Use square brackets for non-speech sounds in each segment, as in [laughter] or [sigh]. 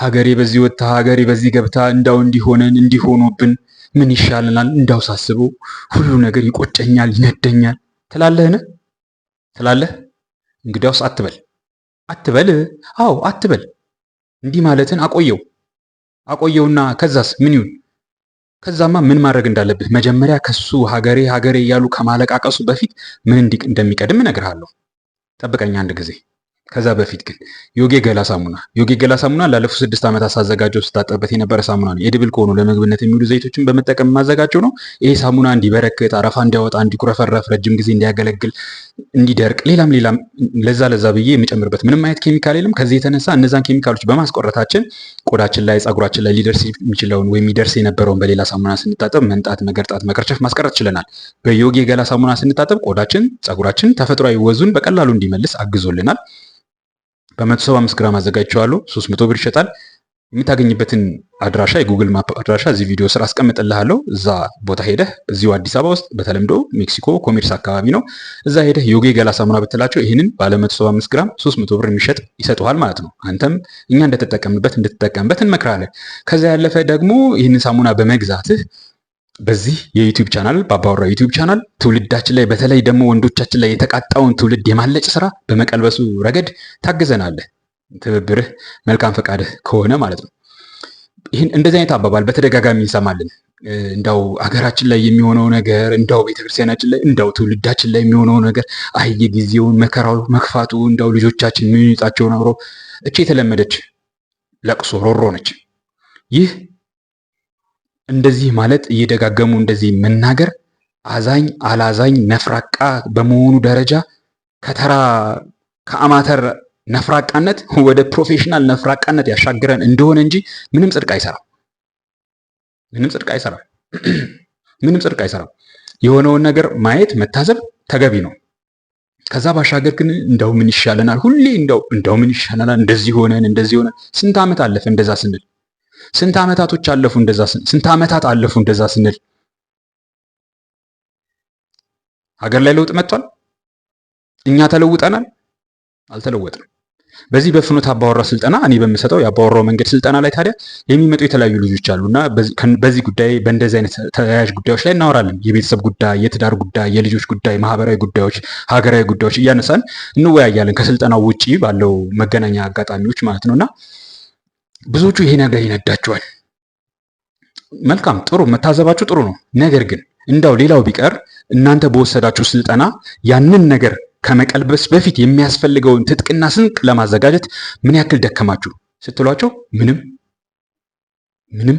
ሀገሬ በዚህ ወጥታ ሀገሬ በዚህ ገብታ እንዳው እንዲሆነን እንዲሆኑብን ምን ይሻለናል? እንዳው ሳስበው ሁሉ ነገር ይቆጨኛል፣ ይነደኛል ትላለህን? ትላለህ? እንግዲያውስ አትበል አትበል። አዎ አትበል። እንዲህ ማለትን አቆየው አቆየውና ከዛስ ምን ይሁን? ከዛማ ምን ማድረግ እንዳለብህ መጀመሪያ ከሱ ሀገሬ ሀገሬ እያሉ ከማለቃቀሱ በፊት ምን እንደሚቀድም እነግርሃለሁ። ጠብቀኝ አንድ ጊዜ ከዛ በፊት ግን ዮጌ ገላ ሳሙና ዮጌ ገላ ሳሙና ላለፉት ስድስት ዓመታት ሳዘጋጀው ስታጠበት የነበረ ሳሙና ነው። የድብል ከሆኑ ለምግብነት የሚውሉ ዘይቶችን በመጠቀም የማዘጋጀው ነው። ይሄ ሳሙና እንዲበረክት፣ አረፋ እንዲያወጣ፣ እንዲኩረፈረፍ፣ ረጅም ጊዜ እንዲያገለግል፣ እንዲደርቅ፣ ሌላም ሌላም ለዛ ለዛ ብዬ የምጨምርበት ምንም አይነት ኬሚካል የለም። ከዚህ የተነሳ እነዛን ኬሚካሎች በማስቆረታችን ቆዳችን ላይ ጸጉራችን ላይ ሊደርስ የሚችለውን ወይም ይደርስ የነበረውን በሌላ ሳሙና ስንታጠብ መንጣት፣ መገርጣት፣ መከርቸፍ ማስቀረት ችለናል። በዮጌ ገላ ሳሙና ስንታጠብ ቆዳችን፣ ጸጉራችን ተፈጥሯዊ ወዙን በቀላሉ እንዲመልስ አግዞልናል። በ175 ግራም ሶስት መቶ ብር ይሸጣል። የምታገኝበትን አድራሻ የጉግል ማፕ አድራሻ እዚህ ቪዲዮ ስር አስቀምጥልሃለሁ። እዛ ቦታ ሄደህ እዚሁ አዲስ አበባ ውስጥ በተለምዶ ሜክሲኮ ኮሜርስ አካባቢ ነው። እዛ ሄደህ ዮጌ ገላ ሳሙና ብትላቸው ይህንን ባለ 175 ግራም 300 ብር የሚሸጥ ይሰጡሃል ማለት ነው። አንተም እኛ እንደተጠቀምበት እንድትጠቀምበት እንመክራለን። ከዛ ያለፈ ደግሞ ይህንን ሳሙና በመግዛትህ በዚህ የዩቲዩብ ቻናል በአባወራ ዩቲዩብ ቻናል ትውልዳችን ላይ በተለይ ደግሞ ወንዶቻችን ላይ የተቃጣውን ትውልድ የማለጭ ስራ በመቀልበሱ ረገድ ታግዘናለህ። ትብብርህ መልካም ፈቃድህ ከሆነ ማለት ነው። ይህን እንደዚህ አይነት አባባል በተደጋጋሚ እንሰማለን። እንዳው አገራችን ላይ የሚሆነው ነገር እንዳው ቤተክርስቲያናችን ላይ እንዳው ትውልዳችን ላይ የሚሆነው ነገር አይ ጊዜውን መከራው መክፋቱ እንዳው ልጆቻችን ምንጣቸውን አብረው እቺ የተለመደች ለቅሶ ሮሮ ነች። ይህ እንደዚህ ማለት እየደጋገሙ እንደዚህ መናገር አዛኝ አላዛኝ ነፍራቃ በመሆኑ ደረጃ ከተራ ከአማተር ነፍራቃነት ወደ ፕሮፌሽናል ነፍራቃነት ያሻግረን እንደሆነ እንጂ ምንም ጽድቅ አይሰራም። ምንም ጽድቅ አይሰራም። [clears throat] ምንም ጽድቅ አይሰራም። የሆነውን ነገር ማየት መታዘብ ተገቢ ነው። ከዛ ባሻገር ግን እንደው ምን ይሻለናል፣ ሁሌ እንደው እንደው ምን ይሻለናል፣ እንደዚህ ሆነን እንደዚህ ሆነን ስንት ዓመት አለፈ እንደዛ ስንል ስንት ዓመታቶች አለፉ እንደዛ ስንት ዓመታት አለፉ እንደዛ ስንል ሀገር ላይ ለውጥ መጥቷል። እኛ ተለውጠናል? አልተለወጥም። በዚህ በፍኖት አባወራ ስልጠና እኔ በምሰጠው የአባወራው መንገድ ስልጠና ላይ ታዲያ የሚመጡ የተለያዩ ልጆች አሉ እና በዚህ ጉዳይ በእንደዚህ አይነት ተያያዥ ጉዳዮች ላይ እናወራለን። የቤተሰብ ጉዳይ፣ የትዳር ጉዳይ፣ የልጆች ጉዳይ፣ ማህበራዊ ጉዳዮች፣ ሀገራዊ ጉዳዮች እያነሳን እንወያያለን። ከስልጠናው ውጪ ባለው መገናኛ አጋጣሚዎች ማለት ነው እና ብዙዎቹ ይሄ ነገር ይነዳቸዋል። መልካም ጥሩ መታዘባችሁ ጥሩ ነው። ነገር ግን እንዳው ሌላው ቢቀር እናንተ በወሰዳችሁ ስልጠና ያንን ነገር ከመቀልበስ በፊት የሚያስፈልገውን ትጥቅና ስንቅ ለማዘጋጀት ምን ያክል ደከማችሁ ስትሏቸው ምንም ምንም።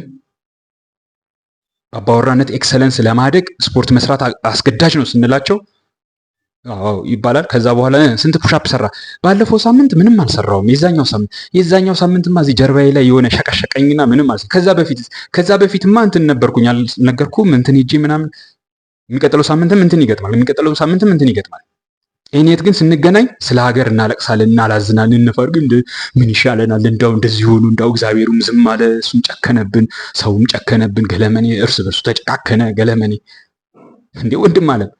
በአባወራነት ኤክሰለንስ ለማደግ ስፖርት መስራት አስገዳጅ ነው ስንላቸው ይባላል። ከዛ በኋላ ስንት ፑሻፕ ሰራ? ባለፈው ሳምንት ምንም አልሰራውም። የዛኛው ሳምንት የዛኛው ሳምንትማ እዚህ ጀርባዬ ላይ የሆነ ሸቀሸቀኝና ምንም አልሰራም። ከዛ በፊት ከዛ በፊትማ እንትን ነበርኩኝ አልነገርኩም እንትን ሂጄ ምናምን። የሚቀጥለው ሳምንትም እንትን ይገጥማል። የሚቀጥለው ሳምንትም እንትን ይገጥማል። እኔት ግን ስንገናኝ ስለ ሀገር እናለቅሳለን፣ እናላዝናለን፣ እንፈርግ ምን ይሻለናል? እንዳው እንደዚህ ሆኑ፣ እንዳው እግዚአብሔሩም ዝም አለ፣ እሱም ጨከነብን፣ ሰውም ጨከነብን። ገለመኔ እርስ በርሱ ተጨካከነ። ገለመኔ እንዴ ወንድም አለም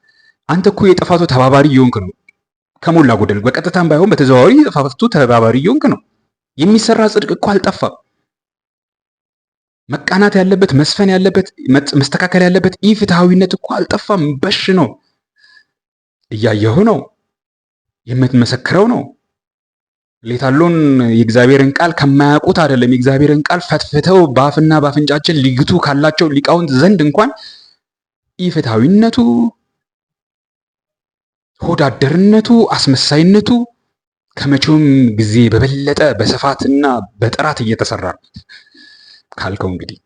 አንተ እኮ የጥፋቱ ተባባሪ እየሆንክ ነው። ከሞላ ጎደል በቀጥታም ባይሆን በተዘዋዋሪ የጥፋቱ ተባባሪ እየሆንክ ነው። የሚሰራ ጽድቅ እኮ አልጠፋም። መቃናት ያለበት መስፈን ያለበት መስተካከል ያለበት ኢ ፍትሐዊነት እኮ አልጠፋም። በሽ ነው፣ እያየሁ ነው፣ የምትመሰክረው ነው። ሌታሎን የእግዚአብሔርን ቃል ከማያውቁት አይደለም። የእግዚአብሔርን ቃል ፈትፍተው በአፍና በአፍንጫችን ሊግቱ ካላቸው ሊቃውንት ዘንድ እንኳን ኢ ፍትሐዊነቱ ሆዳደርነቱ፣ አስመሳይነቱ ከመቼውም ጊዜ በበለጠ በስፋትና በጥራት እየተሰራበት ካልከው እንግዲህ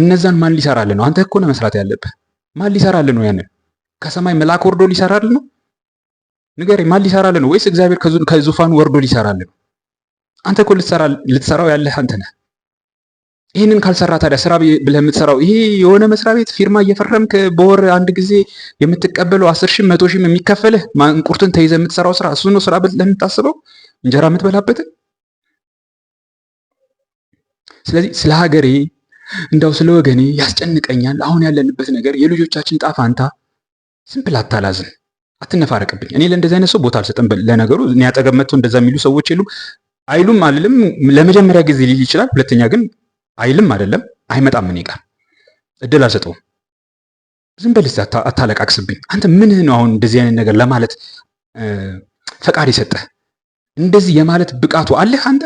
እነዛን ማን ሊሰራልን ነው? አንተ እኮ ነው መስራት ያለብህ። ማን ሊሰራልን ነው? ያንን ከሰማይ መልአክ ወርዶ ሊሰራልን ነው? ንገሪ፣ ማን ሊሰራልን ነው? ወይስ እግዚአብሔር ከዙፋኑ ወርዶ ሊሰራልን ነው? አንተ እኮ ልትሰራው ያለህ አንተ ነህ። ይህንን ካልሰራ ታዲያ ስራ ብለህ የምትሰራው ይሄ የሆነ መስሪያ ቤት ፊርማ እየፈረምክ በወር አንድ ጊዜ የምትቀበለው አስር ሺህ መቶ ሺህ የሚከፈልህ ማንቁርትን ተይዘ የምትሰራው ስራ እሱ ነው ስራ ብለህ የምታስበው እንጀራ የምትበላበትን። ስለዚህ ስለ ሀገሬ እንዳው ስለ ወገኔ ያስጨንቀኛል። አሁን ያለንበት ነገር የልጆቻችን ጣፋንታ ዝም ብላ አታላዝን፣ አትነፋረቅብኝ። እኔ ለእንደዚህ አይነት ሰው ቦታ አልሰጠም። ለነገሩ እኔ አጠገብ መጥቶ እንደዛ የሚሉ ሰዎች የሉም አይሉም አልልም። ለመጀመሪያ ጊዜ ሊል ይችላል። ሁለተኛ ግን አይልም አይደለም አይመጣም። ምን ይቀር እድል አልሰጠውም። ዝም በል አታለቃቅስብኝ። አንተ ምንህ ነው አሁን እንደዚህ አይነት ነገር ለማለት ፈቃድ የሰጠህ? እንደዚህ የማለት ብቃቱ አለህ አንተ?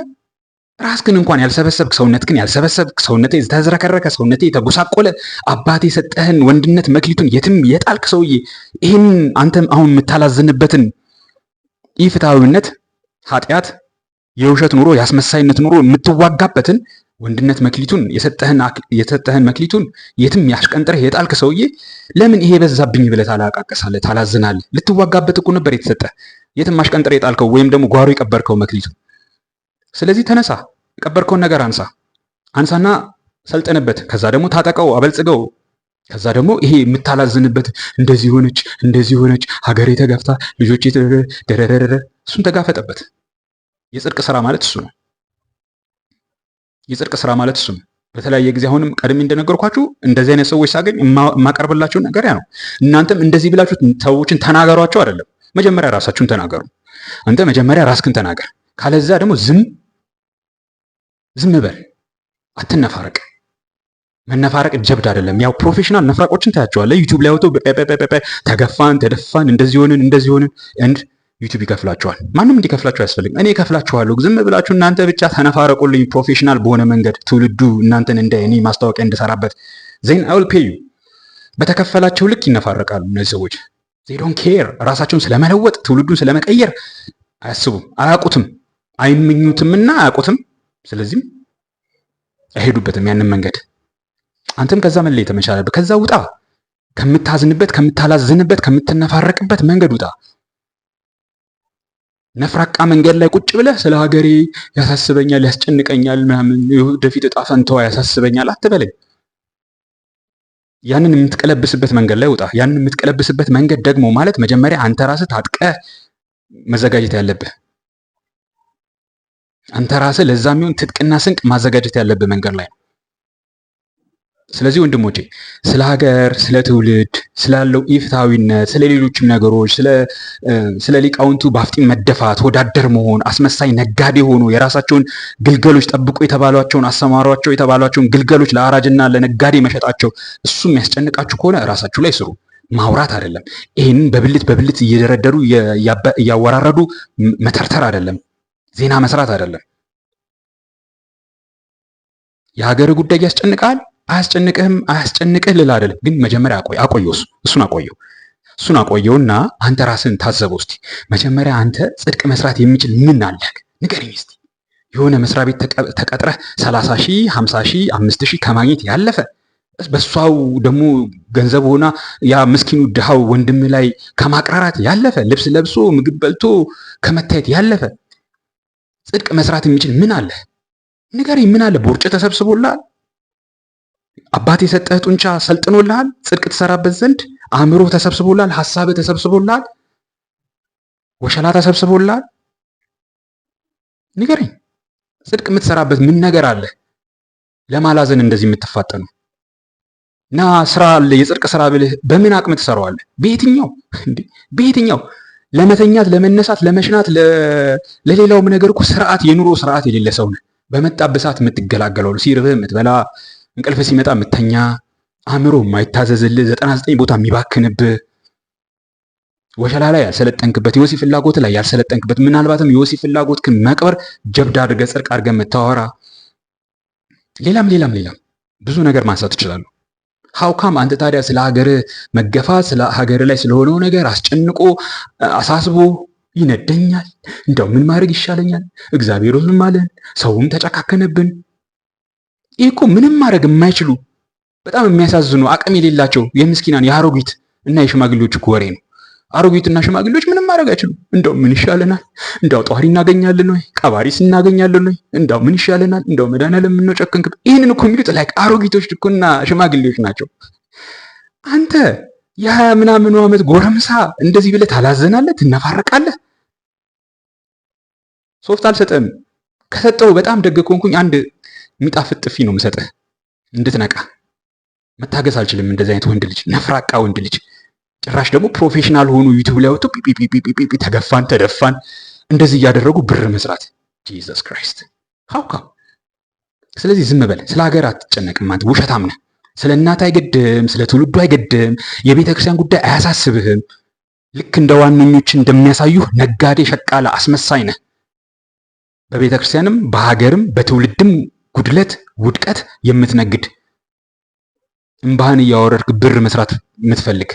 ግን እንኳን ያልሰበሰብክ ሰውነት ግን ያልሰበሰብክ ሰውነት የተዝረከረከ ሰውነት የተጎሳቆለ አባቴ የሰጠህን ወንድነት መክሊቱን የትም የጣልክ ሰውዬ ይህን አንተም አሁን የምታላዝንበትን ኢፍትሐዊነት ኃጢአት የውሸት ኑሮ የአስመሳይነት ኑሮ የምትዋጋበትን ወንድነት መክሊቱን የሰጠህን መክሊቱን የትም ያሽቀንጥረህ የጣልክ ሰውዬ ለምን ይሄ በዛብኝ ብለህ ታላቃቀሳለህ፣ ታላዝናለህ? ልትዋጋበት እኮ ነበር የተሰጠ የትም አሽቀንጥረህ የጣልከው ወይም ደግሞ ጓሮ የቀበርከው መክሊቱ ስለዚህ ተነሳ፣ የቀበርከውን ነገር አንሳ፣ አንሳና ሰልጠንበት። ከዛ ደግሞ ታጠቀው፣ አበልጽገው። ከዛ ደግሞ ይሄ የምታላዝንበት እንደዚህ ሆነች፣ እንደዚህ ሆነች፣ ሀገሬ ተገፍታ፣ ልጆቼ ደረረረ፣ እሱን ተጋፈጠበት። የጽድቅ ስራ ማለት እሱ ነው። የጽድቅ ስራ ማለት እሱ ነው። በተለያየ ጊዜ አሁንም ቀድሜ እንደነገርኳችሁ እንደዚህ አይነት ሰዎች ሳገኝ የማቀርብላቸው ነገር ያ ነው። እናንተም እንደዚህ ብላችሁ ሰዎችን ተናገሯቸው አይደለም፣ መጀመሪያ ራሳችሁን ተናገሩ። አንተ መጀመሪያ ራስክን ተናገር። ካለዛ ደግሞ ዝም ዝም በል፣ አትነፋረቅ። መነፋረቅ ጀብድ አይደለም። ያው ፕሮፌሽናል ነፍራቆችን ታያቸዋለህ ዩቲዩብ ላይ ወጥቶ ተገፋን፣ ተደፋን፣ እንደዚህ ሆንን፣ እንደዚህ ሆንን ዩቲዩብ ይከፍላችኋል። ማንም እንዲከፍላችሁ አያስፈልግም። እኔ ከፍላችኋለሁ። ዝም ብላችሁ እናንተ ብቻ ተነፋረቁልኝ። ፕሮፌሽናል በሆነ መንገድ ትውልዱ እናንተን እንደ እኔ ማስታወቂያ እንድሰራበት ዜን አይል ፔዩ በተከፈላቸው ልክ ይነፋረቃሉ እነዚህ ሰዎች። ዜዶን ኬር ራሳቸውን ስለመለወጥ ትውልዱን ስለመቀየር አያስቡም፣ አያውቁትም፣ አይመኙትምና አያውቁትም። ስለዚህም አይሄዱበትም ያንን መንገድ። አንተም ከዛ መለየት መቻል አለብህ። ከዛ ውጣ ከምታዝንበት ከምታላዝንበት ከምትነፋረቅበት መንገድ ውጣ። ነፍራቃ መንገድ ላይ ቁጭ ብለህ ስለ ሀገሬ ያሳስበኛል፣ ያስጨንቀኛል፣ ምናምን ወደፊት እጣ ፈንታዋ ያሳስበኛል አትበለኝ። ያንን የምትቀለብስበት መንገድ ላይ ውጣ። ያንን የምትቀለብስበት መንገድ ደግሞ ማለት መጀመሪያ አንተ ራስህ ታጥቀህ መዘጋጀት ያለብህ አንተ ራስህ ለዛ የሚሆን ትጥቅና ስንቅ ማዘጋጀት ያለብህ መንገድ ላይ ነው። ስለዚህ ወንድሞቼ ስለ ሀገር፣ ስለ ትውልድ፣ ስላለው ኢፍትሐዊነት፣ ስለ ሌሎችም ነገሮች ስለ ሊቃውንቱ በአፍጢም መደፋት፣ ወዳደር መሆን፣ አስመሳይ ነጋዴ ሆኖ የራሳቸውን ግልገሎች ጠብቆ የተባሏቸውን አሰማሯቸው የተባሏቸውን ግልገሎች ለአራጅና ለነጋዴ መሸጣቸው እሱ የሚያስጨንቃችሁ ከሆነ ራሳችሁ ላይ ስሩ። ማውራት አይደለም። ይህንን በብልት በብልት እየደረደሩ እያወራረዱ መተርተር አይደለም። ዜና መስራት አይደለም። የሀገር ጉዳይ ያስጨንቃል። አያስጨንቅህም አያስጨንቅህ ልል አይደለም፣ ግን መጀመሪያ አቆየው እሱን አቆየው እሱን አቆየውና አንተ ራስን ታዘበው እስቲ። መጀመሪያ አንተ ጽድቅ መስራት የሚችል ምን አለህ ንገረኝ እስቲ። የሆነ መስሪያ ቤት ተቀጥረህ 30 ሺህ 50 ሺህ 5 ሺህ ከማግኘት ያለፈ በሷው ደግሞ ገንዘብ ሆና ያ ምስኪኑ ድሃው ወንድም ላይ ከማቅራራት ያለፈ ልብስ ለብሶ ምግብ በልቶ ከመታየት ያለፈ ጽድቅ መስራት የሚችል ምን አለህ ንገረኝ። ምን አለ ቦርጭ ተሰብስቦላል አባት የሰጠህ ጡንቻ ሰልጥኖልሃል፣ ጽድቅ ትሰራበት ዘንድ አእምሮ ተሰብስቦልሃል፣ ሀሳብ ተሰብስቦልሃል፣ ወሸላ ተሰብስቦልሃል። ንገረኝ፣ ጽድቅ የምትሰራበት ምን ነገር አለ? ለማላዘን እንደዚህ የምትፋጠኑ? እና ስራ አለ የጽድቅ ስራ ብልህ በምን አቅም ትሰራዋለህ? በየትኛው በየትኛው ለመተኛት ለመነሳት ለመሽናት ለሌላውም ነገር እኮ ስርዓት የኑሮ ስርዓት የሌለ ሰው ነህ። በመጣበት ሰዓት የምትገላገለው ሲርብህ የምትበላ እንቅልፍ ሲመጣ የምተኛ አእምሮ የማይታዘዝልህ ዘጠና ዘጠኝ ቦታ የሚባክንብህ ወሸላ ላይ ያልሰለጠንክበት የወሲብ ፍላጎት ላይ ያልሰለጠንክበት ምናልባትም የወሲ ፍላጎት ክን መቅበር ጀብድ አድርገ ጽድቅ አድርገህ መታወራ ሌላም ሌላም ሌላም ብዙ ነገር ማንሳት ትችላለሁ። ሀውካም አንተ ታዲያ ስለ ሀገር መገፋት ስለ ሀገር ላይ ስለሆነው ነገር አስጨንቆ አሳስቦ ይነደኛል፣ እንደው ምን ማድረግ ይሻለኛል፣ እግዚአብሔር ምን አለን፣ ሰውም ተጨካከነብን ይህ እኮ ምንም ማድረግ የማይችሉ በጣም የሚያሳዝኑ አቅም የሌላቸው የምስኪናን የአሮጊት እና የሽማግሌዎች እኮ ወሬ ነው። እና ሽማግሌዎች ምንም ማድረግ አይችሉም። እንደው ምን ይሻለናል? እንደው ጠዋሪ እናገኛለን ወይ? ቀባሪስ እናገኛለን ወይ? እንደው ምን ይሻለናል? እንዳው መድኃኒዓለም ምነው ጨከንክብን? ይህንን እኮ የሚሉት ላይ አሮጊቶች እኮና ሽማግሌዎች ናቸው። አንተ የሀያ ምናምኑ ዓመት ጎረምሳ እንደዚህ ብለህ ታላዘናለህ፣ ትነፋረቃለህ። ሶፍት አልሰጠም። ከሰጠው በጣም ደግ ከሆንኩኝ አንድ የሚጣፍጥ ጥፊ ነው የምሰጥህ እንድትነቃ። መታገስ አልችልም። እንደዚህ አይነት ወንድ ልጅ፣ ነፍራቃ ወንድ ልጅ። ጭራሽ ደግሞ ፕሮፌሽናል ሆኑ ዩቲዩብ ላይ ወጡ ፒፒፒፒፒ ተገፋን ተደፋን እንደዚህ እያደረጉ ብር መስራት። ጂዘስ ክራይስት ካውካው። ስለዚህ ዝም በል፣ ስለ ሀገር አትጨነቅም አንተ ውሸታም ነህ። ስለ እናት አይገድም፣ ስለ ትውልዱ አይገድም፣ የቤተ ክርስቲያን ጉዳይ አያሳስብህም። ልክ እንደ ዋነኞች እንደሚያሳዩ ነጋዴ፣ ሸቃላ፣ አስመሳይ ነህ። በቤተ ክርስቲያንም በሀገርም በትውልድም ጉድለት፣ ውድቀት የምትነግድ እምባህን እያወረድክ ብር መስራት የምትፈልግ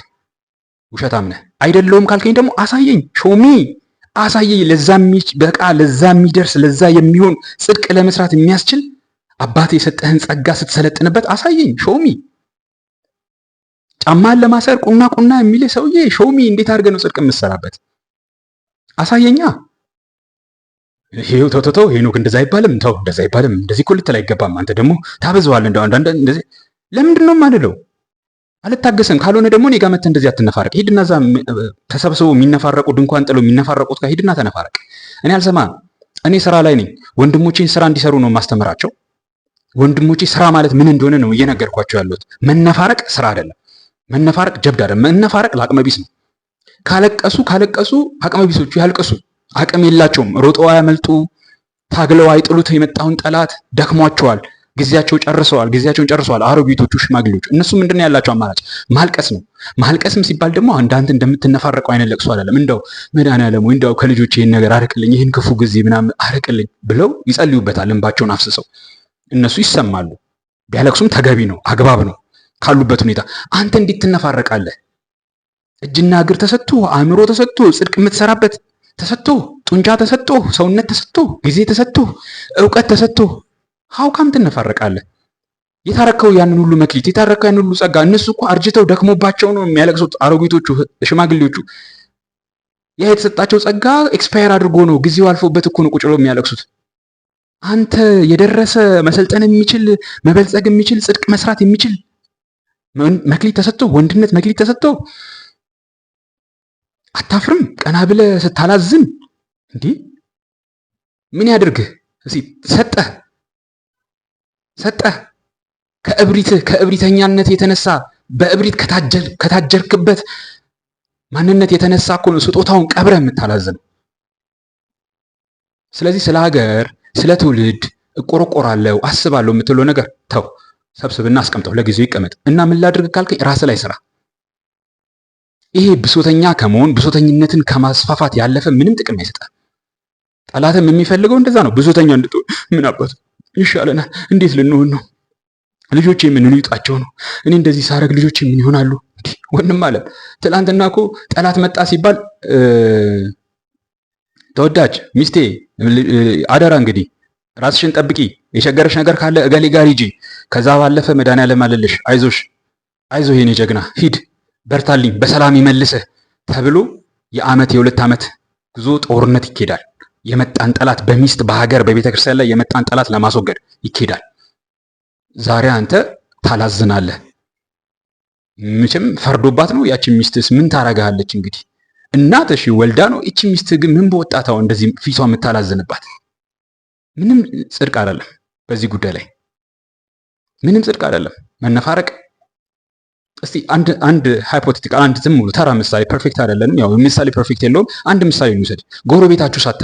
ውሸታም ነህ። አይደለውም ካልከኝ ደግሞ አሳየኝ፣ ሾሚ አሳየኝ። ለዛ በቃ ለዛ የሚደርስ ለዛ የሚሆን ጽድቅ ለመስራት የሚያስችል አባት የሰጠህን ጸጋ ስትሰለጥንበት አሳየኝ፣ ሾሚ። ጫማን ለማሰር ቁና ቁና የሚል ሰውዬ ሾሚ፣ እንዴት አድርገህ ነው ጽድቅ የምትሰራበት? አሳየኛ። ይሄው ተው ተው ሄኖክ እንደዛ አይባልም፣ ተው እንደዛ አይባልም፣ እንደዚህ እኮ ልትል አይገባም። አንተ ደግሞ ታበዘዋል። እንደው አንዳንድ እንደዚህ ለምንድን ነው የማልለው? አልታገሰም። ካልሆነ ደግሞ እኔ ጋር መተህ እንደዚህ አትነፋረቅ። ሂድና እዛ ተሰብስበው የሚነፋረቁ ድንኳን ጥለው የሚነፋረቁት ጋር ሂድና ተነፋረቅ። እኔ አልሰማህም። እኔ ስራ ላይ ነኝ። ወንድሞቼን ስራ እንዲሰሩ ነው ማስተምራቸው። ወንድሞቼ ስራ ማለት ምን እንደሆነ ነው እየነገርኳቸው ያለሁት። መነፋረቅ ስራ አይደለም። መነፋረቅ ጀብድ አይደለም። መነፋረቅ ለአቅመቢስ ነው። ካለቀሱ ካለቀሱ አቅመቢሶቹ ያልቅሱ። አቅም የላቸውም። ሮጠው አያመልጡ፣ ታግለው አይጥሉት የመጣውን ጠላት። ደክሟቸዋል። ጊዜያቸው ጨርሰዋል። ጊዜያቸውን ጨርሰዋል። አሮጊቶቹ ሽማግሌዎች፣ እነሱ ምንድን ያላቸው አማራጭ ማልቀስ ነው። ማልቀስም ሲባል ደግሞ አንዳንድ እንደምትነፋረቀው አይነት ለቅሶ አይደለም። እንደው መድኃኒዓለም ወይ እንደው ከልጆች ይህን ነገር አርቅልኝ፣ ይህን ክፉ ጊዜ ምናምን አርቅልኝ ብለው ይጸልዩበታል። እንባቸውን አፍስሰው እነሱ ይሰማሉ። ቢያለቅሱም ተገቢ ነው፣ አግባብ ነው። ካሉበት ሁኔታ አንተ እንዴት ትነፋረቃለህ? እጅና እግር ተሰጥቶ አእምሮ ተሰጥቶ ጽድቅ የምትሰራበት ተሰጥቶ ጡንቻ ተሰጥቶ ሰውነት ተሰጥቶ ጊዜ ተሰጥቶ እውቀት ተሰጥቶ ሀውካም ትነፈረቃለ የታረከው ያንን ሁሉ መክሊት የታረከው ያንን ሁሉ ጸጋ፣ እነሱ እኮ አርጅተው ደክሞባቸው ነው የሚያለቅሱት አሮጊቶቹ፣ ሽማግሌዎቹ። ያ የተሰጣቸው ጸጋ ኤክስፓየር አድርጎ ነው ጊዜው አልፎበት እኮ ነው ቁጭሎ የሚያለቅሱት። አንተ የደረሰ መሰልጠን የሚችል መበልጸግ የሚችል ጽድቅ መስራት የሚችል መክሊት ተሰጥቶ ወንድነት መክሊት ተሰጥቶ አታፍርም? ቀና ብለ ስታላዝን እንዲህ ምን ያድርግህ? እስኪ ሰጠህ ሰጠህ ከእብሪትህ ከእብሪተኛነት የተነሳ በእብሪት ከታጀርክበት ማንነት የተነሳ እኮ ነው ስጦታውን ቀብረህ የምታላዝነው። ስለዚህ ስለ ሀገር፣ ስለ ትውልድ እቆረቆራለሁ አስባለሁ የምትለው ነገር ተው፣ ሰብስብና አስቀምጠው፣ ለጊዜው ይቀመጥ እና ምን ላድርግ ካልከኝ ራስህ ላይ ስራ። ይሄ ብሶተኛ ከመሆን ብሶተኝነትን ከማስፋፋት ያለፈ ምንም ጥቅም አይሰጣል። ጠላትም የሚፈልገው እንደዛ ነው፣ ብሶተኛ እንድትሆን። ምን አባቱ ይሻለናል? እንዴት ልንሆን ነው? ልጆች ምን እንውጣቸው ነው? እኔ እንደዚህ ሳረግ ልጆች ምን ይሆናሉ? ወንድም አለም ትላንትና እኮ ጠላት መጣ ሲባል ተወዳጅ ሚስቴ አደራ እንግዲህ ራስሽን ጠብቂ፣ የቸገረሽ ነገር ካለ እገሌ ጋር ሂጂ፣ ከዛ ባለፈ መድኃኒዓለም አለልሽ፣ አይዞሽ አይዞ የኔ ጀግና ሂድ በርታልኝ፣ በሰላም ይመልስህ ተብሎ የዓመት የሁለት ዓመት ጉዞ ጦርነት ይኬዳል። የመጣን ጠላት በሚስት በሀገር በቤተ ክርስቲያን ላይ የመጣን ጠላት ለማስወገድ ይኬዳል። ዛሬ አንተ ታላዝናለህ። ምችም ፈርዶባት ነው ያችን ሚስትስ ምን ታረጋለች? እንግዲህ እናት እሺ ወልዳ ነው። እቺ ሚስት ግን ምን በወጣታው እንደዚህ ፊቷ የምታላዝንባት? ምንም ጽድቅ አይደለም። በዚህ ጉዳይ ላይ ምንም ጽድቅ አይደለም መነፋረቅ እስቲ አንድ አንድ ሃይፖቴቲክ አንድ ዝም ብሎ ተራ ምሳሌ ፐርፌክት አይደለንም። ያው ምሳሌ ፐርፌክት የለውም። አንድ ምሳሌ እንውሰድ። ጎረቤታችሁ እሳት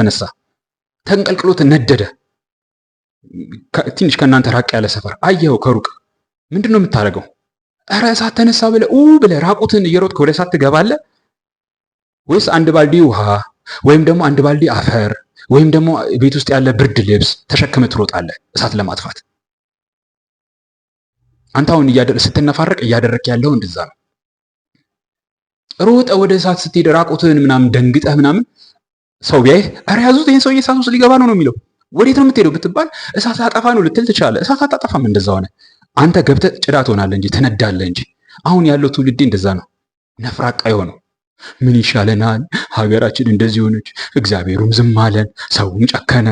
ተንቀልቅሎት ነደደ። ትንሽ ከእናንተ ራቅ ያለ ሰፈር አየኸው ከሩቅ ምንድን ነው የምታደርገው? እረ እሳት ተነሳ ብለህ ኡ ብለህ ራቁትን እየሮጥክ ወደ እሳት ትገባለህ ወይስ አንድ ባልዲ ውሃ ወይም ደግሞ አንድ ባልዲ አፈር ወይም ደግሞ ቤት ውስጥ ያለ ብርድ ልብስ ተሸክመህ ትሮጣለ እሳት ለማጥፋት? አንተ አሁን ስትነፋረቅ እያደረክ ያለው እንደዛ ነው። ሮጠ ወደ እሳት ስትሄድ ራቁትህን ምናምን ደንግጠህ ምናምን ሰው ቢያይህ ኧረ ያዙት ይህን ሰውዬ እሳት ውስጥ ሊገባ ነው ነው የሚለው። ወዴት ነው የምትሄደው ብትባል እሳት አጠፋ ነው ልትል ትችላለህ። እሳት አታጠፋም። እንደዛ ሆነ አንተ ገብተህ ጭዳ ትሆናለህ እንጂ ትነዳለህ እንጂ። አሁን ያለው ትውልድ እንደዛ ነው፣ ነፍራቃ የሆነው ምን ይሻለናል? ሀገራችን እንደዚህ ሆነች፣ እግዚአብሔሩም ዝም አለን፣ ሰውም ጨከነ።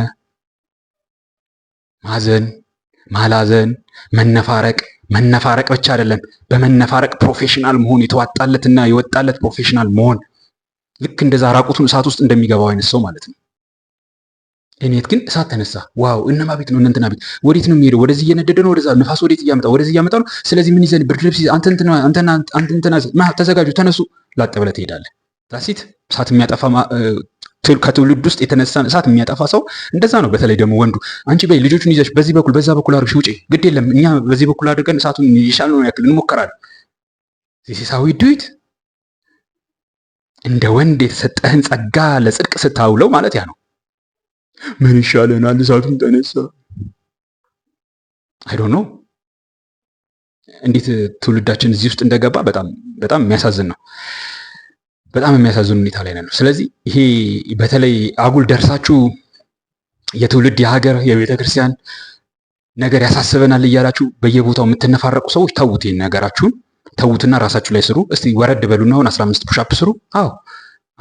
ማዘን፣ ማላዘን፣ መነፋረቅ መነፋረቅ ብቻ አይደለም፣ በመነፋረቅ ፕሮፌሽናል መሆን የተዋጣለትና የወጣለት ፕሮፌሽናል መሆን ልክ እንደዛ ራቁቱን እሳት ውስጥ እንደሚገባው አይነት ሰው ማለት ነው። እኔት ግን እሳት ተነሳ። ዋው እነማ ቤት ነው እነንትና ቤት ወዴት ነው የሚሄደው? ወደዚህ እየነደደ ነው፣ ወደዛ ንፋስ ወዴት እያመጣ ወደዚህ እያመጣ ነው። ስለዚህ ምን ይዘን ብርድ ልብስ አንተንትና ተዘጋጁ፣ ተነሱ ላጠ ብለህ ትሄዳለህ። ራሲት እሳት የሚያጠፋ ከትውልድ ውስጥ የተነሳን እሳት የሚያጠፋ ሰው እንደዛ ነው። በተለይ ደግሞ ወንዱ አንቺ በይ ልጆቹን ይዘሽ በዚህ በኩል በዛ በኩል አድርግሽ ውጪ፣ ግድ የለም እኛ በዚህ በኩል አድርገን እሳቱን የቻልነውን ያክል እንሞከራለን። ሲሳዊ ዱይት እንደ ወንድ የተሰጠህን ጸጋ ለጽድቅ ስታውለው ማለት ያ ነው። ምን ይሻለናል? እሳቱን ተነሳ አይዶ ነው። እንዴት ትውልዳችን እዚህ ውስጥ እንደገባ በጣም በጣም የሚያሳዝን ነው። በጣም የሚያሳዝን ሁኔታ ላይ ነው። ስለዚህ ይሄ በተለይ አጉል ደርሳችሁ የትውልድ የሀገር የቤተ ክርስቲያን ነገር ያሳስበናል እያላችሁ በየቦታው የምትነፋረቁ ሰዎች ተዉት፣ ይህን ነገራችሁን ተዉትና ራሳችሁ ላይ ስሩ። እስቲ ወረድ በሉና አሁን 15 ፑሻፕ ስሩ። አዎ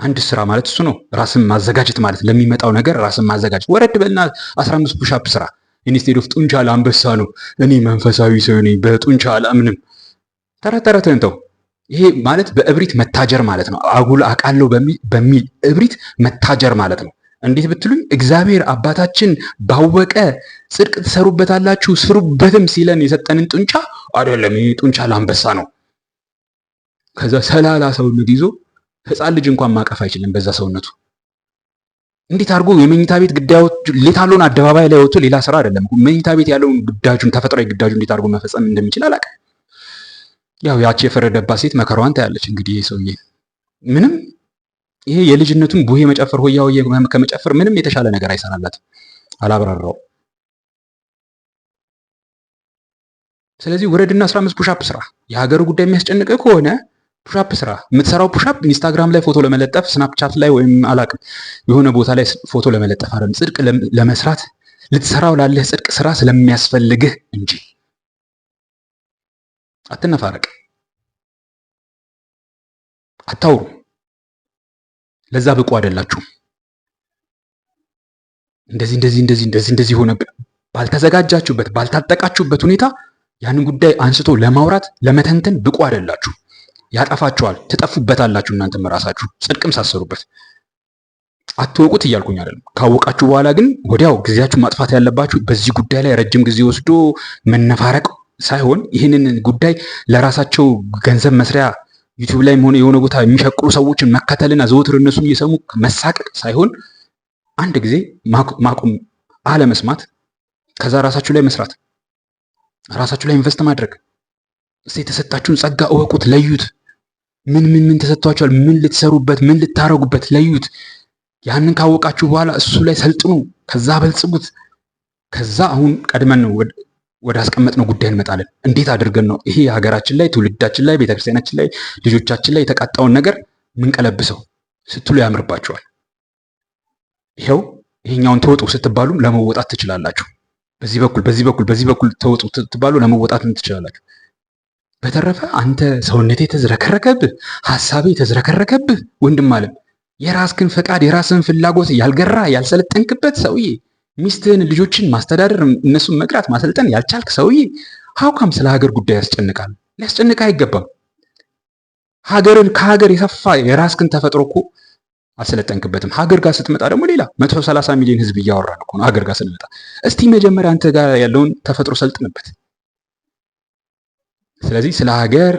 አንድ ስራ ማለት እሱ ነው፣ ራስን ማዘጋጀት ማለት ለሚመጣው ነገር ራስን ማዘጋጀት። ወረድ በልና 15 ፑሻፕ ስራ ኢንስቴድ ኦፍ ጡንቻ ለአንበሳ ነው። እኔ መንፈሳዊ ሰው ነኝ፣ በጡንቻ አላምንም። ተረት ተረትን ተው። ይሄ ማለት በእብሪት መታጀር ማለት ነው። አጉል አቃለው በሚል እብሪት መታጀር ማለት ነው። እንዴት ብትሉኝ እግዚአብሔር አባታችን ባወቀ ጽድቅ ትሰሩበታላችሁ ስሩበትም ሲለን የሰጠንን ጡንቻ አይደለም። ይህ ጡንቻ ለአንበሳ ነው። ከዛ ሰላላ ሰውነት ይዞ ህፃን ልጅ እንኳን ማቀፍ አይችልም። በዛ ሰውነቱ እንዴት አድርጎ የመኝታ ቤት ግዳዮች ሌታሎን አደባባይ ላይ ወጥቶ ሌላ ስራ አይደለም። መኝታ ቤት ያለውን ግዳጁን ተፈጥሯዊ ግዳጁ እንዴት አድርጎ መፈጸም እንደሚችል አላውቅም። ያው ያቺ የፈረደባት ሴት መከራዋን ታያለች። እንግዲህ ይህ ሰውዬ ምንም ይሄ የልጅነቱን ቡሄ መጨፈር ሆያ ሆዬ ከመጨፈር ምንም የተሻለ ነገር አይሰራላትም። አላብራራው። ስለዚህ ውረድና አስራ አምስት ፑሻፕ ስራ። የሀገር ጉዳይ የሚያስጨንቅ ከሆነ ፑሻፕ ስራ። የምትሰራው ፑሻፕ ኢንስታግራም ላይ ፎቶ ለመለጠፍ፣ ስናፕቻት ላይ ወይም አላቅም የሆነ ቦታ ላይ ፎቶ ለመለጠፍ አይደለም፣ ጽድቅ ለመስራት ልትሰራው ላለህ ጽድቅ ስራ ስለሚያስፈልግህ እንጂ አትነፋረቅ፣ አታውሩ። ለዛ ብቁ አይደላችሁም። እንደዚህ እንደዚህ እንደዚህ እንደዚህ እንደዚህ ሆነብን። ባልተዘጋጃችሁበት ባልታጠቃችሁበት ሁኔታ ያንን ጉዳይ አንስቶ ለማውራት ለመተንተን ብቁ አይደላችሁ። ያጠፋችኋል፣ ትጠፉበታላችሁ። እናንተም ራሳችሁ ጽድቅም ሳሰሩበት አትወቁት እያልኩኝ አይደለም። ካወቃችሁ በኋላ ግን ወዲያው ጊዜያችሁ ማጥፋት ያለባችሁ በዚህ ጉዳይ ላይ ረጅም ጊዜ ወስዶ መነፋረቅ ሳይሆን ይህንን ጉዳይ ለራሳቸው ገንዘብ መስሪያ ዩቲዩብ ላይም ሆነ የሆነ ቦታ የሚሸቅሉ ሰዎችን መከተልና ዘወትር እነሱን እየሰሙ መሳቀቅ ሳይሆን አንድ ጊዜ ማቆም፣ አለመስማት፣ ከዛ ራሳችሁ ላይ መስራት፣ ራሳችሁ ላይ ኢንቨስት ማድረግ። እስቲ የተሰጣችሁን ጸጋ እወቁት፣ ለዩት። ምን ምን ምን ተሰጥቷችኋል? ምን ልትሰሩበት፣ ምን ልታረጉበት ለዩት። ያንን ካወቃችሁ በኋላ እሱ ላይ ሰልጥኑ፣ ከዛ በልጽጉት። ከዛ አሁን ቀድመን ነው ወደ አስቀመጥነው ጉዳይ እንመጣለን። እንዴት አድርገን ነው ይሄ ሀገራችን ላይ ትውልዳችን ላይ ቤተክርስቲያናችን ላይ ልጆቻችን ላይ የተቃጣውን ነገር ምንቀለብሰው ስትሉ ያምርባቸዋል። ይኸው ይሄኛውን ተወጡ ስትባሉም ለመወጣት ትችላላችሁ። በዚህ በኩል በዚህ በኩል በዚህ በኩል ተወጡ ስትባሉ ለመወጣት ትችላላችሁ። በተረፈ አንተ ሰውነቴ ተዝረከረከብህ፣ ሀሳቤ ተዝረከረከብህ ወንድም አለም የራስህን ፈቃድ የራስህን ፍላጎት ያልገራ ያልሰለጠንክበት ሰውዬ ሚስትህን፣ ልጆችን ማስተዳደር እነሱን መቅራት ማሰልጠን ያልቻልክ ሰውዬ ሀውካም ስለ ሀገር ጉዳይ ያስጨንቃል? ሊያስጨንቅ አይገባም። ሀገርን ከሀገር የሰፋ የራስክን ተፈጥሮ እኮ አልሰለጠንክበትም። ሀገር ጋር ስትመጣ ደግሞ ሌላ መቶ ሚሊዮን ህዝብ እያወራ ነው ነው። ሀገር ጋር ስንመጣ እስቲ መጀመሪያ አንተ ጋር ያለውን ተፈጥሮ ሰልጥንበት። ስለዚህ ስለ ሀገር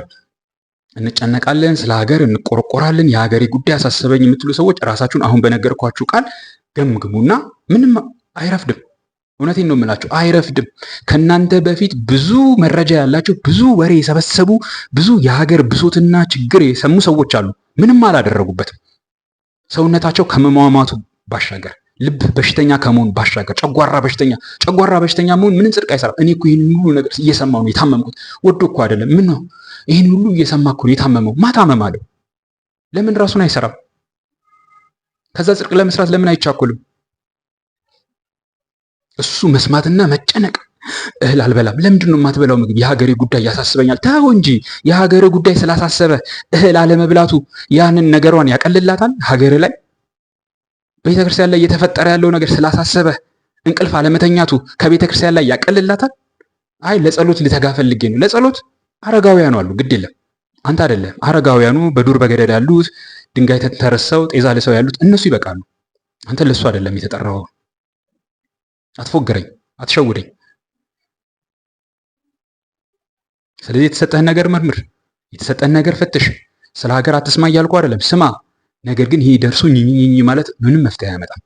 እንጨነቃለን፣ ስለ ሀገር እንቆረቆራለን፣ የሀገሬ ጉዳይ አሳሰበኝ የምትሉ ሰዎች ራሳችሁን አሁን በነገርኳችሁ ቃል ገምግሙና ምንም አይረፍድም። እውነቴን ነው የምላችሁ፣ አይረፍድም። ከእናንተ በፊት ብዙ መረጃ ያላቸው ብዙ ወሬ የሰበሰቡ ብዙ የሀገር ብሶትና ችግር የሰሙ ሰዎች አሉ። ምንም አላደረጉበትም። ሰውነታቸው ከመሟሟቱ ባሻገር ልብ በሽተኛ ከመሆን ባሻገር ጨጓራ በሽተኛ ጨጓራ በሽተኛ መሆን ምንም ጽድቅ አይሰራም። እኔ እኮ ይህን ሁሉ ነገር እየሰማሁ ነው የታመምኩት። ወዶ እኮ አይደለም። ምን ነው ይህን ሁሉ እየሰማ እኮ ነው የታመመው። ማታመም አለው ለምን ራሱን አይሰራም? ከዛ ጽድቅ ለመስራት ለምን አይቻኮልም? እሱ መስማትና መጨነቅ እህል አልበላም። ለምንድን ነው የማትበላው ምግብ? የሀገሬ ጉዳይ ያሳስበኛል። ተው እንጂ የሀገሬ ጉዳይ ስላሳሰበ እህል አለመብላቱ ያንን ነገሯን ያቀልላታል። ሀገር ላይ ቤተክርስቲያን ላይ እየተፈጠረ ያለው ነገር ስላሳሰበ እንቅልፍ አለመተኛቱ ከቤተክርስቲያን ላይ ያቀልላታል። አይ ለጸሎት ልተጋ ፈልጌ ነው። ለጸሎት አረጋውያኑ አሉ። ግድ የለም አንተ አይደለም። አረጋውያኑ በዱር በገደድ ያሉት ድንጋይ ተረሰው ጤዛ ልሰው ያሉት እነሱ ይበቃሉ። አንተ ለሱ አይደለም የተጠራው አትፎግረኝ፣ አትሸውደኝ። ስለዚህ የተሰጠህን ነገር መርምር፣ የተሰጠህን ነገር ፈትሽ። ስለ ሀገር አትስማ እያልኩ አይደለም፣ ስማ። ነገር ግን ይሄ ደርሶ ኝኝኝ ማለት ምንም መፍትሄ አያመጣም።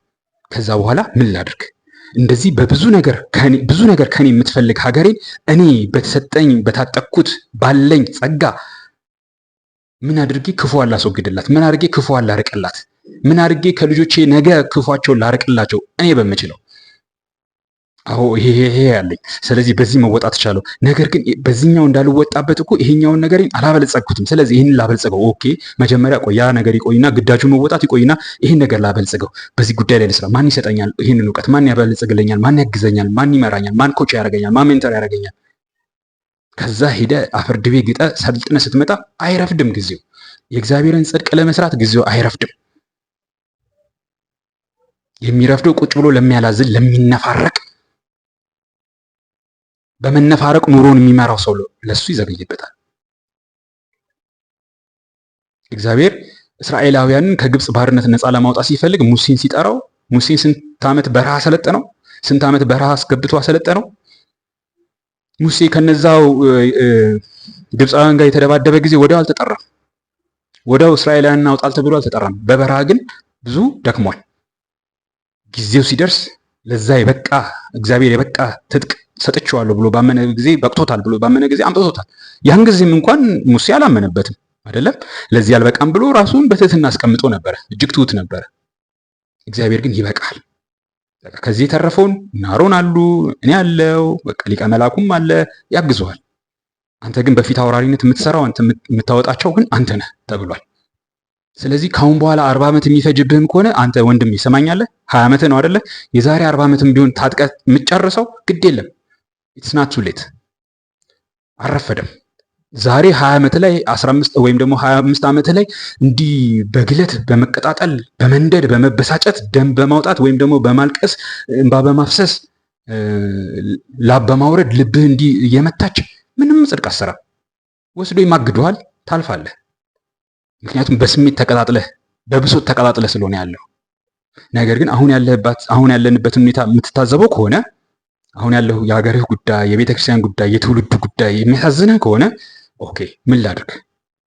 ከዛ በኋላ ምን ላድርግ? እንደዚህ በብዙ ነገር ብዙ ነገር ከኔ የምትፈልግ ሀገሬን እኔ በተሰጠኝ በታጠቅኩት ባለኝ ጸጋ ምን አድርጌ ክፉ አላስወግድላት? ምን አድርጌ ክፉ አላርቅላት? ምን አድርጌ ከልጆቼ ነገ ክፏቸው ላርቅላቸው እኔ በምችለው አዎ ይሄ ይሄ ያለኝ ስለዚህ በዚህ መወጣት ቻለው። ነገር ግን በዚህኛው እንዳልወጣበት እኮ ይሄኛውን ነገር አላበልጸግኩትም። ስለዚህ ይህን ላበልጸገው። ኦኬ መጀመሪያ ቆይ ያ ነገር ይቆይና ግዳጁ መወጣት ይቆይና ይህን ነገር ላበልጸገው። በዚህ ጉዳይ ላይ ልስራ። ማን ይሰጠኛል ይህንን እውቀት? ማን ያበልጽግልኛል? ማን ያግዘኛል? ማን ይመራኛል? ማን ኮች ያደርገኛል? ማን ሜንተር ያደርገኛል? ከዛ ሄደ አፈር ድቤ ግጠ ሰልጥነ ስትመጣ አይረፍድም ጊዜው። የእግዚአብሔርን ጽድቅ ለመስራት ጊዜው አይረፍድም። የሚረፍደው ቁጭ ብሎ ለሚያላዝን ለሚነፋረቅ በመነፋረቅ ኑሮን የሚመራው ሰው ለሱ ይዘገይበታል። እግዚአብሔር እስራኤላውያንን ከግብፅ ባርነት ነፃ ለማውጣት ሲፈልግ ሙሴን ሲጠራው ሙሴን ስንት ዓመት በረሃ አሰለጠነው? ስንት ዓመት በረሃ አስገብቶ አሰለጠነው? ሙሴ ከነዛው ግብፃውያን ጋር የተደባደበ ጊዜ ወዲያው አልተጠራም። ወዲያው እስራኤላውያንን አውጣል ተብሎ አልተጠራም። በበረሃ ግን ብዙ ደክሟል። ጊዜው ሲደርስ ለዛ የበቃ እግዚአብሔር የበቃ ትጥቅ ሰጥቼዋለሁ ብሎ ባመነ ጊዜ በቅቶታል ብሎ ባመነ ጊዜ አምጥቶታል። ያን ጊዜም እንኳን ሙሴ አላመነበትም አይደለም። ለዚህ አልበቃም ብሎ ራሱን በትህትና አስቀምጦ ነበረ። እጅግ ትሁት ነበረ። እግዚአብሔር ግን ይበቃል፣ ከዚህ የተረፈውን ናሮን አሉ እኔ አለው በቃ ሊቀ መላኩም አለ ያግዘዋል። አንተ ግን በፊት አውራሪነት የምትሰራው አንተ የምታወጣቸው ግን አንተ ነህ ተብሏል። ስለዚህ ካሁን በኋላ አርባ ዓመት የሚፈጅብህም ከሆነ አንተ ወንድም ይሰማኛለህ ሀያ ዓመት ነው አደለ? የዛሬ አርባ ዓመትም ቢሆን ታጥቀ የምትጨርሰው ግድ የለም ኢትስ ናት ቱ ሌት አረፈደም። ዛሬ 20 ዓመት ላይ 15 ወይም ደግሞ 25 ዓመት ላይ እንዲህ በግለት በመቀጣጠል በመንደድ በመበሳጨት ደም በማውጣት ወይም ደግሞ በማልቀስ እንባ በማፍሰስ ላብ በማውረድ ልብህ እንዲህ እየመታች ምንም ጽድቅ አሰራ ወስዶ ይማግደዋል። ታልፋለህ። ምክንያቱም በስሜት ተቀጣጥለህ በብሶት ተቀጣጥለህ ስለሆነ ያለው ነገር ግን አሁን ያለህበት አሁን ያለንበትን ሁኔታ የምትታዘበው ከሆነ አሁን ያለው የሀገርህ ጉዳይ፣ የቤተክርስቲያን ጉዳይ፣ የትውልዱ ጉዳይ የሚያሳዝንህ ከሆነ ኦኬ፣ ምን ላድርግ?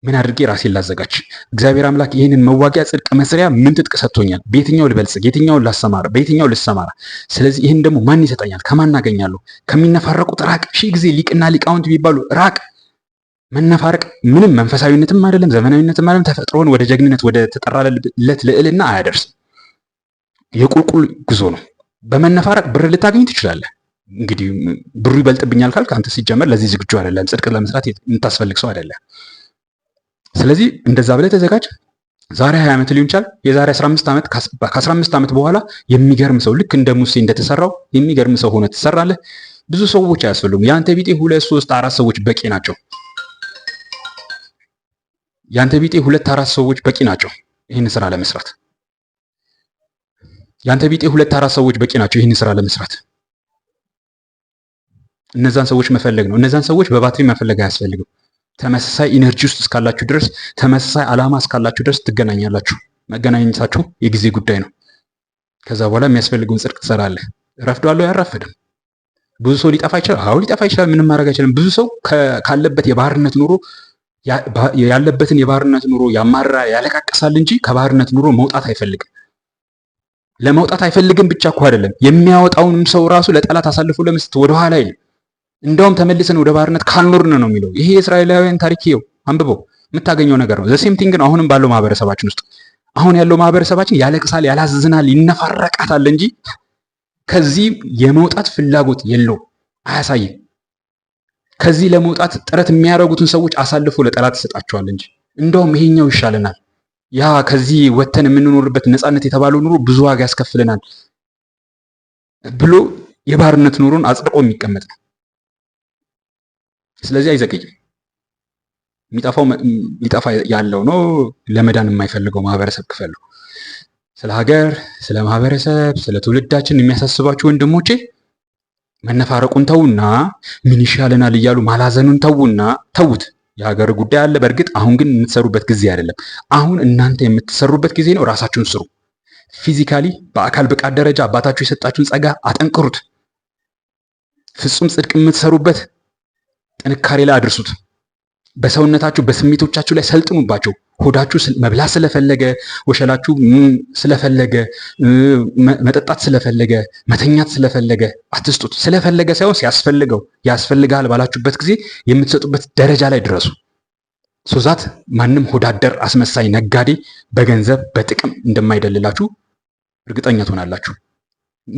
ምን አድርጌ ራሴን ላዘጋጅ? እግዚአብሔር አምላክ ይህንን መዋጊያ ጽድቅ መስሪያ ምን ትጥቅ ሰጥቶኛል? በየትኛው ልበልጽግ? የትኛውን ላሰማራ? በየትኛው ልሰማራ? ስለዚህ ይህን ደግሞ ማን ይሰጠኛል? ከማን አገኛለሁ? ከሚነፋረቁት ራቅ። ሺህ ጊዜ ሊቅና ሊቃውንት የሚባሉ ራቅ። መነፋረቅ ምንም መንፈሳዊነትም አይደለም፣ ዘመናዊነትም አይደለም። ተፈጥሮን ወደ ጀግንነት ወደ ተጠራለት ልዕልና አያደርስም። የቁልቁል ጉዞ ነው። በመነፋረቅ ብር ልታገኝ ትችላለህ። እንግዲህ ብሩ ይበልጥብኛል ካልክ አንተ ሲጀመር ለዚህ ዝግጁ አይደለም፣ ጽድቅ ለመስራት የምታስፈልግ ሰው አይደለም። ስለዚህ እንደዛ ብለህ ተዘጋጅ። ዛሬ 20 ዓመት ሊሆን ይችላል። የዛሬ 15 ዓመት ከ15 ዓመት በኋላ የሚገርም ሰው ልክ እንደ ሙሴ እንደተሰራው የሚገርም ሰው ሆነ ትሰራለህ። ብዙ ሰዎች አያስፈልጉም። የአንተ ቢጤ ሁለት ሶስት አራት ሰዎች በቂ ናቸው። የአንተ ቢጤ ሁለት አራት ሰዎች በቂ ናቸው ይህን ስራ ለመስራት። የአንተ ቢጤ ሁለት አራት ሰዎች በቂ ናቸው ይህን ስራ ለመስራት። እነዛን ሰዎች መፈለግ ነው። እነዛን ሰዎች በባትሪ መፈለግ አያስፈልግም። ተመሳሳይ ኢነርጂ ውስጥ እስካላችሁ ድረስ፣ ተመሳሳይ ዓላማ እስካላችሁ ድረስ ትገናኛላችሁ። መገናኘታችሁ የጊዜ ጉዳይ ነው። ከዛ በኋላ የሚያስፈልገውን ጽድቅ ትሰራለህ። ረፍዷለሁ ያራፈድም ብዙ ሰው ሊጠፋ ይችላል። አዎ ሊጠፋ ይችላል። ምንም ማድረግ አይችልም። ብዙ ሰው ካለበት የባህርነት ኑሮ ያለበትን የባህርነት ኑሮ ያማራ ያለቃቀሳል እንጂ ከባህርነት ኑሮ መውጣት አይፈልግም። ለመውጣት አይፈልግም ብቻ እኮ አይደለም የሚያወጣውንም ሰው ራሱ ለጠላት አሳልፎ ለመስጠት ወደኋላ ይል እንደውም ተመልሰን ወደ ባርነት ካልኖርን ነው የሚለው። ይሄ የእስራኤላውያን ታሪክ ይኸው አንብቦ የምታገኘው ነገር ነው። ዘሴም ቲንግ ነው አሁንም ባለው ማህበረሰባችን ውስጥ። አሁን ያለው ማህበረሰባችን ያለቅሳል፣ ያላዝናል፣ ይነፋረቃታል እንጂ ከዚህ የመውጣት ፍላጎት የለው አያሳይም። ከዚህ ለመውጣት ጥረት የሚያደርጉትን ሰዎች አሳልፎ ለጠላት ይሰጣቸዋል እንጂ እንደውም ይሄኛው ይሻለናል፣ ያ ከዚህ ወተን የምንኖርበት ነፃነት የተባለው ኑሮ ብዙ ዋጋ ያስከፍለናል ብሎ የባርነት ኑሮን አጽድቆ የሚቀመጥ ነው። ስለዚህ አይዘገይ የሚጠፋው የሚጠፋ ያለው ነው ለመዳን የማይፈልገው ማህበረሰብ ክፍል ነው። ስለ ሀገር፣ ስለ ማህበረሰብ፣ ስለ ትውልዳችን የሚያሳስባችሁ ወንድሞቼ መነፋረቁን ተዉና ምን ይሻለናል እያሉ ማላዘኑን ተዉና ተዉት። የሀገር ጉዳይ አለ በእርግጥ አሁን ግን የምትሰሩበት ጊዜ አይደለም። አሁን እናንተ የምትሰሩበት ጊዜ ነው። ራሳችሁን ስሩ። ፊዚካሊ በአካል ብቃት ደረጃ አባታችሁ የሰጣችሁን ጸጋ አጠንቅሩት ፍጹም ጽድቅ የምትሰሩበት ጥንካሬ ላይ አድርሱት። በሰውነታችሁ በስሜቶቻችሁ ላይ ሰልጥኑባቸው። ሆዳችሁ መብላት ስለፈለገ፣ ወሸላችሁ ስለፈለገ፣ መጠጣት ስለፈለገ፣ መተኛት ስለፈለገ አትስጡት። ስለፈለገ ሳይሆን ሲያስፈልገው ያስፈልጋል ባላችሁበት ጊዜ የምትሰጡበት ደረጃ ላይ ድረሱ። ሶዛት ማንም ሆዳደር አስመሳይ ነጋዴ በገንዘብ በጥቅም እንደማይደልላችሁ እርግጠኛ ትሆናላችሁ።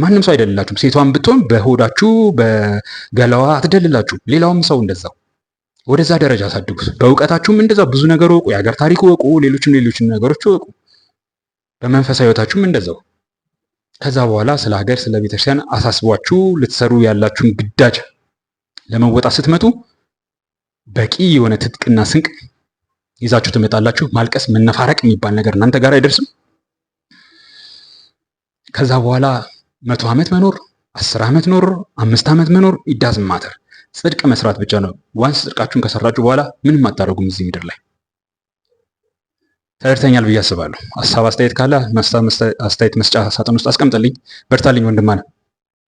ማንም ሰው አይደልላችሁም። ሴቷን ብትሆን በሆዳችሁ በገላዋ አትደልላችሁም። ሌላውም ሰው እንደዛው ወደዛ ደረጃ አሳድጉት። በእውቀታችሁም እንደዛ ብዙ ነገር ወቁ፣ የሀገር ታሪክ ወቁ፣ ሌሎችም ሌሎችም ነገሮች ወቁ። በመንፈሳዊ ህይወታችሁም እንደዛው። ከዛ በኋላ ስለ ሀገር ስለ ቤተክርስቲያን አሳስቧችሁ ልትሰሩ ያላችሁን ግዳጅ ለመወጣት ስትመጡ በቂ የሆነ ትጥቅና ስንቅ ይዛችሁ ትመጣላችሁ። ማልቀስ መነፋረቅ የሚባል ነገር እናንተ ጋር አይደርስም። ከዛ በኋላ መቶ ዓመት መኖር አስር ዓመት መኖር አምስት ዓመት መኖር ኢዳዝ ማተር ጽድቅ መስራት ብቻ ነው። ዋንስ ጽድቃችሁን ከሰራችሁ በኋላ ምንም አታደርጉም እዚህ ምድር ላይ። ተረድተኛል ብዬ አስባለሁ። ሀሳብ አስተያየት ካለ አስተያየት መስጫ ሳጥን ውስጥ አስቀምጠልኝ በርታልኝ ወንድማነ